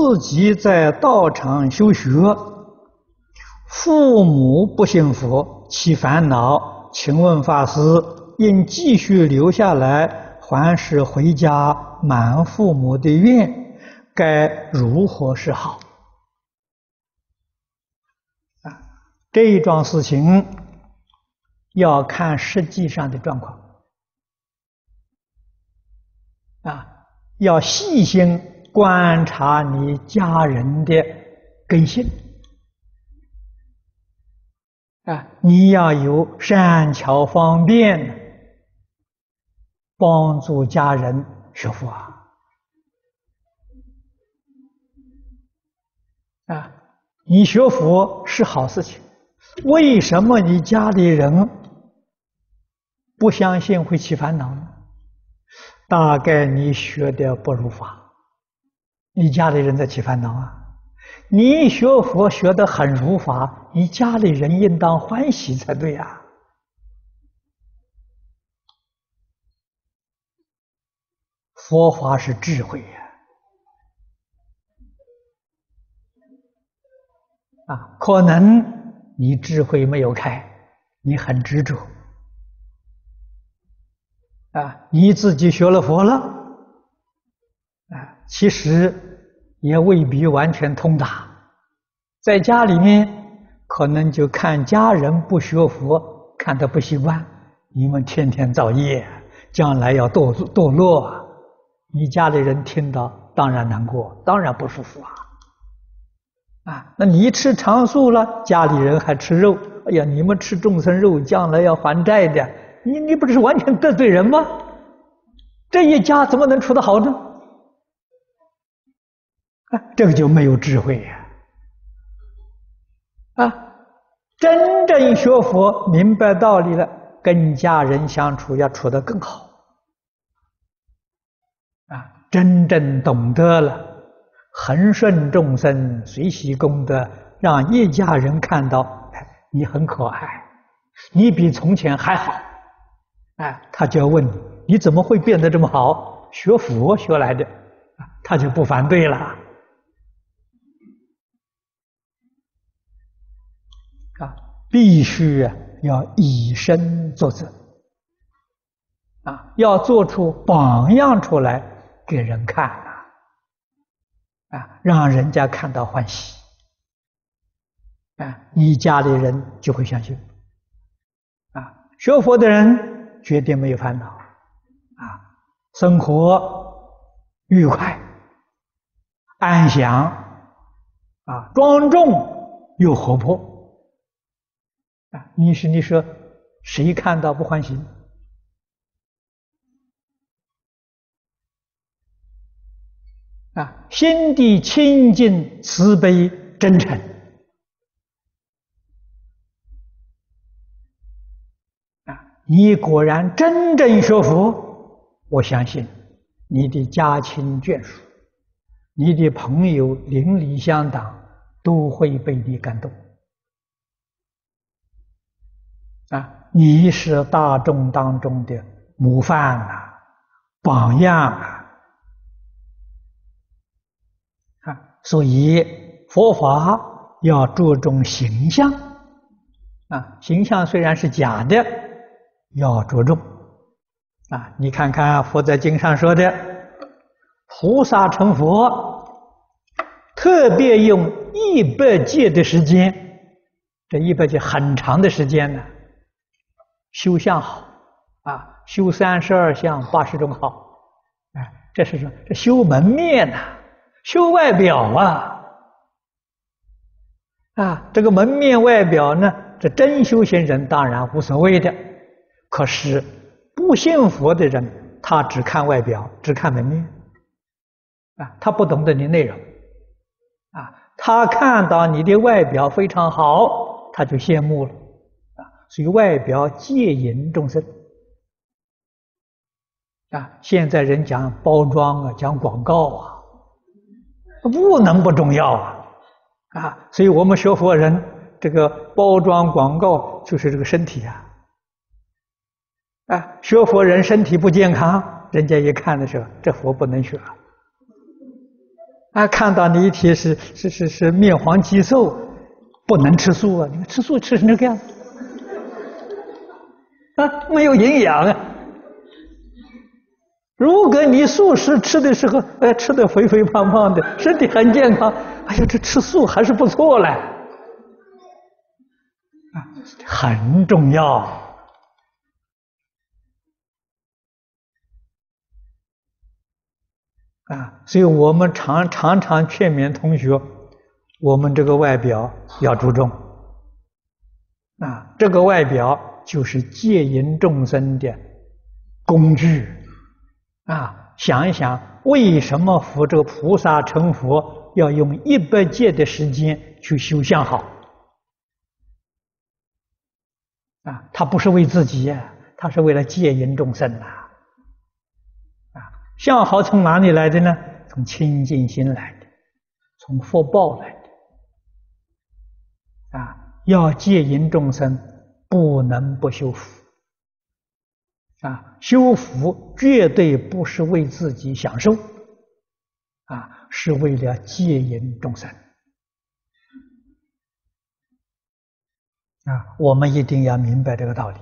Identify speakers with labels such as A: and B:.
A: 自己在道場修學，父母不信佛起煩惱，請問法師，應繼續留下來還是回家滿父母的願？該如何是好？啊，這一樁事情要看實際上的狀況，啊，要細心。觀察你家人的根性啊，你要有善巧方便幫助家人學佛啊。啊，你學佛是好事情，為什麼你家裡人不相信會起煩惱呢？大概你學的不如法。你家裡人在起煩惱啊？你學佛學得很如法，你家裡人應當歡喜才對啊！佛法是智慧呀，啊，啊，可能你智慧沒有開，你很執着，啊，你自己學了佛了。其實也未必完全通達，在家裡面可能就看家人不學佛，看他不習慣。你們天天造業，將來要墮墮落，你家裡人聽到當然難過，當然不舒服啊！啊、哎，那你一吃長素了，家裡人還吃肉，哎呀，你們吃眾生肉，將來要還債的，你你不是完全得罪人嗎？這一家怎麼能處得好呢？啊，這個就沒有智慧呀！啊，真正學佛、明白道理了，跟家人相處要處得更好。啊，真正懂得了，恆順眾生、隨喜功德，讓一家人看到你很可愛，你比從前還好。哎，他就要問你：你怎麼會變得這麼好？學佛學來的，他就不反對了。啊，必須要以身作則，啊，要做出榜樣出來給人看啊，啊，讓人家看到歡喜，啊，你家裡人就會相信，啊，學佛的人絕對沒有煩惱，啊，生活愉快、安詳，啊，莊重又活潑。啊！你是你說誰看到不歡喜？啊，心地清淨、慈悲、真誠啊！你果然真正說服，我相信你的家親眷屬、你的朋友、鄰里鄉黨都會被你感動。啊，你是大眾當中的模範啊，榜樣啊！啊，所以佛法要注重形象啊，形象雖然是假的，要着重啊。你看看佛在經上說的，菩薩成佛，特別用一百劫的時間，這一百劫很長的時間呢。修相好啊，修三十二相八十種好，哎，這是什麼？這修門面吶、啊，修外表啊，啊，這個門面外表呢，這真修行人當然無所謂的。可是不信佛的人，他只看外表，只看門面啊，他不懂得你的內容啊，他看到你的外表非常好，他就羨慕了。所以外表接引眾生啊，現在人講包裝啊，講廣告啊，不能不重要啊啊！所以我們學佛人，這個包裝廣告就是這個身體啊啊！學佛人身體不健康，人家一看的時候，這佛不能學啊！看到你一提是是是是是面黃肌瘦，不能吃素啊！你看吃素吃成這個樣子。沒有營養啊！如果你素食吃的時候，哎、呃，吃的肥肥胖胖的，身體很健康，哎呀，這吃素還是不錯嘞、啊，啊，很重要啊！所以我們常常常勸勉同學，我們這個外表要注重啊，這個外表。就是接引眾生的工具啊！想一想，為什麼佛這個菩薩成佛要用一百劫的時間去修相好？啊，他不是為自己呀，他是為了接引眾生吶！啊，相好從哪裡來的呢？從清淨心來的，從福報來的。啊，要接引眾生。不能不修福啊！修福絕對不是為自己享受啊，是為了接引眾生啊！我們一定要明白這個道理。